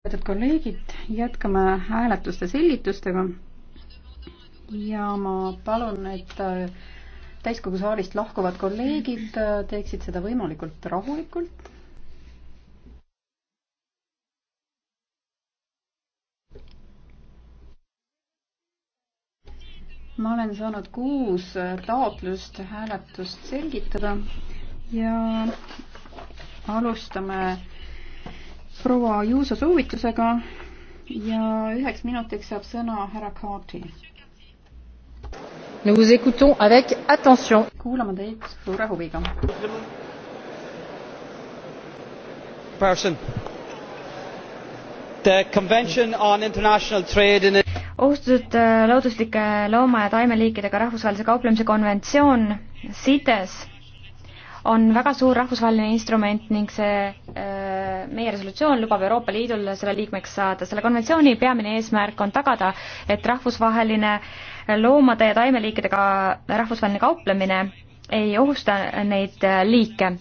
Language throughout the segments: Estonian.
lugupeetud kolleegid, jätkame hääletuste selgitustega. ja ma palun, et äh, täiskogu saalist lahkuvad kolleegid äh, teeksid seda võimalikult rahulikult. ma olen saanud kuus äh, taotlust hääletust selgitada ja alustame proua Juuso soovitusega ja üheks minutiks saab sõna härra Kaarti. Nous vous écoutons avec attention. kuulame teid suure huviga. Person. The Convention on International Trade in ohustatud äh, looduslike looma- ja taimeliikidega rahvusvahelise kauplemise konventsioon, CITES, on väga suur rahvusvaheline instrument ning see äh, meie resolutsioon lubab Euroopa Liidul selle liikmeks saada. selle konventsiooni peamine eesmärk on tagada, et rahvusvaheline loomade ja taimeliikidega rahvusvaheline kauplemine ei ohusta neid äh, liike.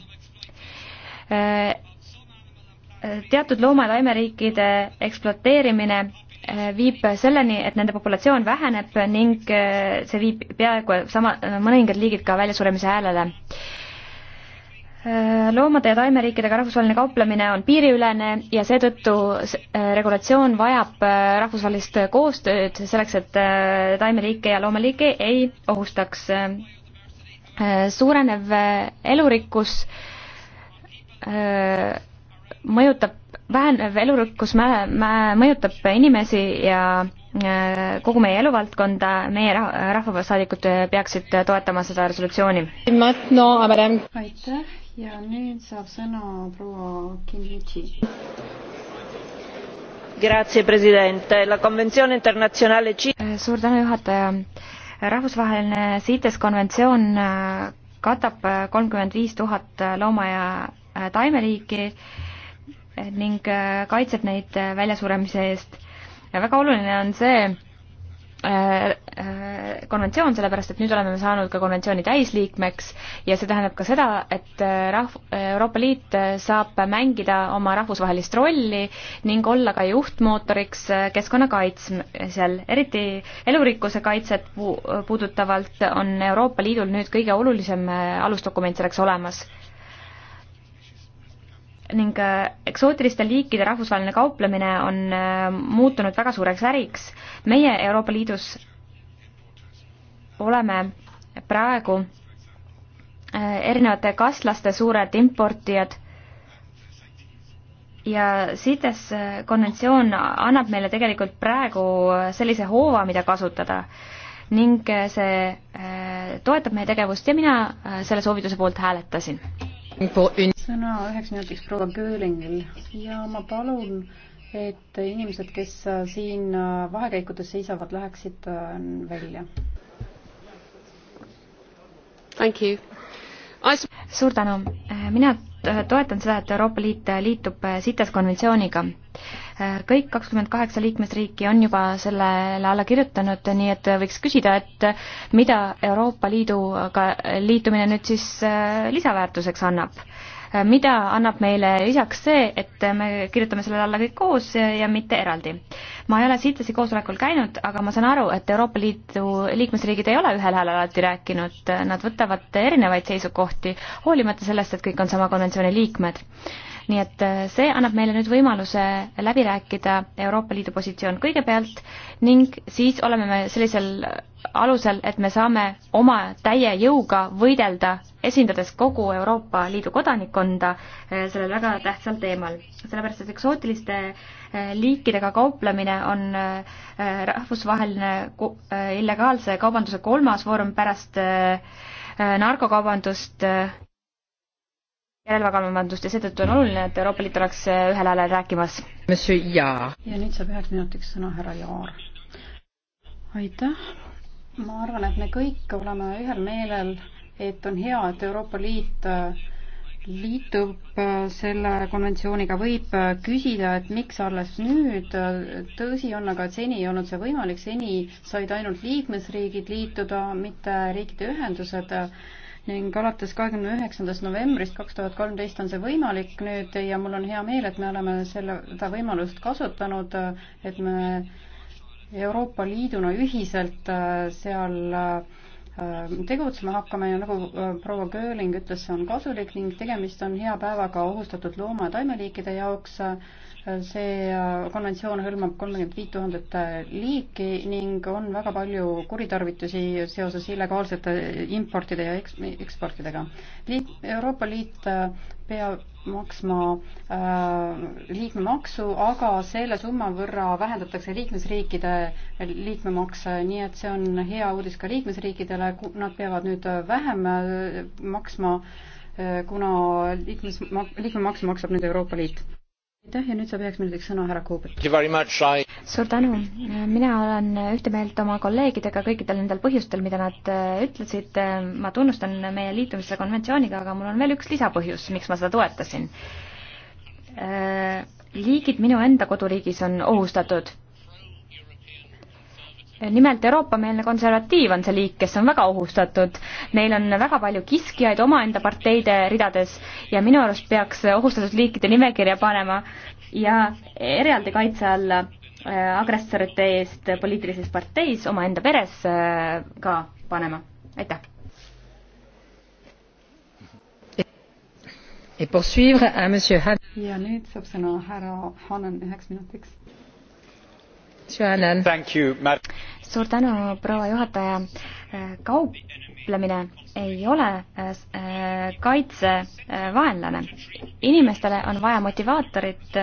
Äh, teatud looma- ja taimeriikide ekspluateerimine äh, viib selleni, et nende populatsioon väheneb ning see viib peaaegu sama, mõningad liigid ka väljasuremise häälele Äh, loomade ja taimeriikidega rahvusvaheline kauplemine on piiriülene ja seetõttu äh, regulatsioon vajab äh, rahvusvahelist koostööd selleks, et taimeriike ja loomeliike ei ohustaks. suurenev elurikkus mõjutab, vähenev elurikkus mõjutab inimesi ja kogu meie eluvaldkonda, meie rahvasaadikud peaksid toetama seda resolutsiooni. aitäh ja nüüd saab sõna proua Kinnitši. Grazie presidente, la convenzione internazionale. Eh, suur tänu, juhataja. rahvusvaheline CITES konventsioon eh, katab eh, kolmkümmend viis tuhat looma- ja taimeliiki ning kaitseb neid väljasuremise eest. väga oluline on see, konventsioon, sellepärast et nüüd oleme me saanud ka konventsiooni täisliikmeks ja see tähendab ka seda, et äh, rahv-, Euroopa Liit äh, saab mängida oma rahvusvahelist rolli ning olla ka juhtmootoriks äh, keskkonna kaitsmisel. eriti elurikkuse kaitset pu-, puudutavalt on Euroopa Liidul nüüd kõige olulisem alusdokument selleks olemas ning eksootiliste liikide rahvusvaheline kauplemine on muutunud väga suureks äriks. meie Euroopa Liidus oleme praegu äh, erinevate kaslaste suured importijad ja CITES äh, konventsioon annab meile tegelikult praegu äh, sellise hoova, mida kasutada ning see toetab meie tegevust ja mina selle soovituse poolt hääletasin. sõna üheks minutiks proua Göringil ja ma palun, et inimesed, kes siin vahekäikudes seisavad, läheksid välja suur tänu. mina toetan seda, et Euroopa Liit liitub CITES konventsiooniga. kõik kakskümmend kaheksa liikmesriiki on juba sellele alla kirjutanud, nii et võiks küsida, et mida Euroopa Liiduga liitumine nüüd siis lisaväärtuseks annab Äh, mida annab meile lisaks see, et me kirjutame selle alla kõik koos ja mitte eraldi. ma ei ole CITES-i koosolekul käinud, aga ma saan aru, et Euroopa Liidu liikmesriigid ei ole ühel häälel alati rääkinud, nad võtavad erinevaid seisukohti, hoolimata sellest, et kõik on sama konventsiooni liikmed nii et äh, see annab meile nüüd võimaluse läbi rääkida Euroopa Liidu positsioon kõigepealt ning siis oleme me sellisel alusel, et me saame oma täie jõuga võidelda, esindades kogu Euroopa Liidu kodanikkonda äh, sellel väga tähtsal teemal. sellepärast, et eksootiliste äh, liikidega kauplemine on rahvusvaheline illegaalse kaubanduse kolmas vorm pärast narkokaubandust järelevalvamandust ja seetõttu on oluline, et Euroopa Liit oleks ühel häälel rääkimas. ja nüüd saab üheks minutiks sõna härra Jaar. aitäh. ma arvan, et me kõik oleme ühel meelel, et on hea, et Euroopa Liit äh, liitub äh, selle konventsiooniga, võib äh, küsida, et miks alles nüüd, tõsi on aga, et seni ei olnud see võimalik, seni said ainult liikmesriigid liituda, mitte riikide ühendused ning alates kahekümne üheksandast novembrist kaks tuhat kolmteist on see võimalik nüüd ja mul on hea meel, et me oleme selle, seda võimalust kasutanud, et me Euroopa Liiduna ühiselt äh, seal äh, tegutsema hakkame ja nagu äh, proua Gööling ütles, see on kasulik ning tegemist on hea päevaga ohustatud looma- ja taimeliikide jaoks see äh, konventsioon hõlmab kolmkümmend viit tuhandet äh, liiki ning on väga palju kuritarvitusi seoses illegaalsete importide ja eks-, eksportidega. Liit, Euroopa Liit äh, peab maksma äh, liikmemaksu, aga selle summa võrra vähendatakse liikmesriikide liikmemakse, nii et see on hea uudis ka liikmesriikidele, nad peavad nüüd vähem maksma, kuna liikmes-, liikmemaksu maksab nüüd Euroopa Liit aitäh ja nüüd saab üheks minutiks sõna härra Kuubel. suur tänu, mina olen ühte meelt oma kolleegidega kõikidel nendel põhjustel, mida nad äh, ütlesid, ma tunnustan meie liitumist selle konventsiooniga, aga mul on veel üks lisapõhjus, miks ma seda toetasin. Äh, liigid minu enda koduriigis on ohustatud nimelt Euroopa-meelne konservatiiv on see liik, kes on väga ohustatud. Neil on väga palju kiskjaid omaenda parteide ridades ja minu arust peaks ohustatud liikide nimekirja panema ja eraldi kaitse alla äh, agressorite eest poliitilises parteis, omaenda peres äh, ka panema. aitäh. ja nüüd saab sõna härra Hannan üheks minutiks. Thank you, madam suur tänu, proua juhataja. kauplemine ei ole äh, kaitsevaenlane. Äh, inimestele on vaja motivaatorit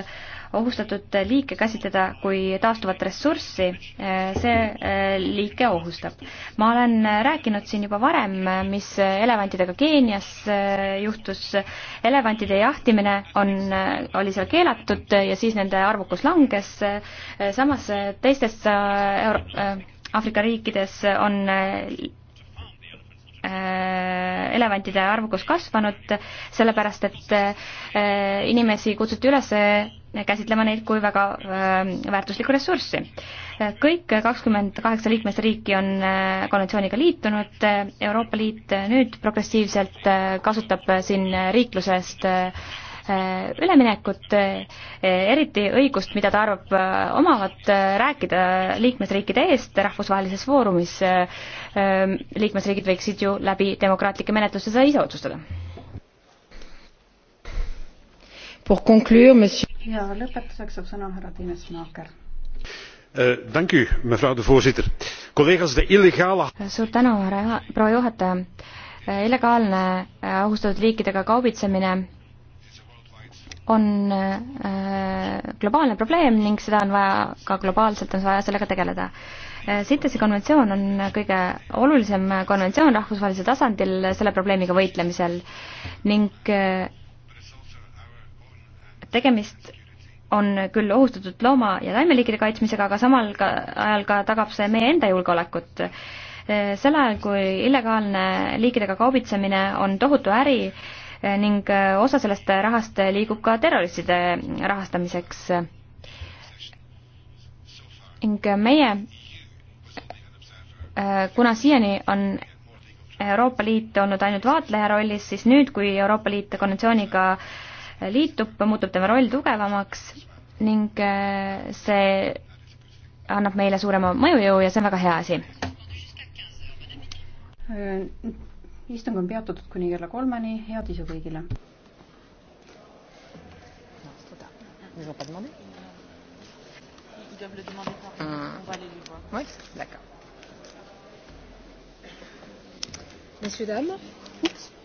ohustatud liike käsitleda kui taastuvat ressurssi, äh, see liike ohustab. ma olen rääkinud siin juba varem, mis elevantidega Keenias juhtus. elevantide jahtimine on, oli seal keelatud ja siis nende arvukus langes. samas teistes Euro Aafrika riikides on äh, elevantide arvukus kasvanud, sellepärast et äh, inimesi kutsuti üles käsitlema neid kui väga äh, väärtuslikku ressurssi. kõik kakskümmend kaheksa liikmesriiki on konventsiooniga liitunud, Euroopa Liit nüüd progressiivselt kasutab siin riiklusest Äh, üleminekut, äh, eriti õigust, mida ta arvab äh, omavat rääkida liikmesriikide eest rahvusvahelises foorumis. Ähm, liikmesriigid võiksid ju läbi demokraatlike menetluste seda ise otsustada. ja lõpetuseks saab sõna härra Tiines Maaker voorzitter collega's de illegale. suur tänu härra proua juhataja illegaalne ohustatud liikidega kaubitsemine on äh, globaalne probleem ning seda on vaja ka globaalselt on vaja sellega tegeleda. CITES-i äh, konventsioon on kõige olulisem konventsioon rahvusvahelisel tasandil selle probleemiga võitlemisel ning äh, tegemist on küll ohustatud looma- ja taimeliikide kaitsmisega, aga samal ka, ajal ka tagab see meie enda julgeolekut. sel ajal, kui illegaalne liikidega kaubitsemine on tohutu äri, ning äh, osa sellest rahast liigub ka terroristide rahastamiseks. ning meie, äh, kuna siiani on Euroopa Liit olnud ainult vaatleja rollis, siis nüüd, kui Euroopa Liit konventsiooniga liitub, muutub tema roll tugevamaks ning äh, see annab meile suurema mõjujõu ja see on väga hea asi istung on peatatud kuni kella kolmeni, head isu kõigile. Ils n'ont pas demandé Ils doivent le demander quand mmh. on va aller les voir. Oui, d'accord. Messieurs, dames. Oups.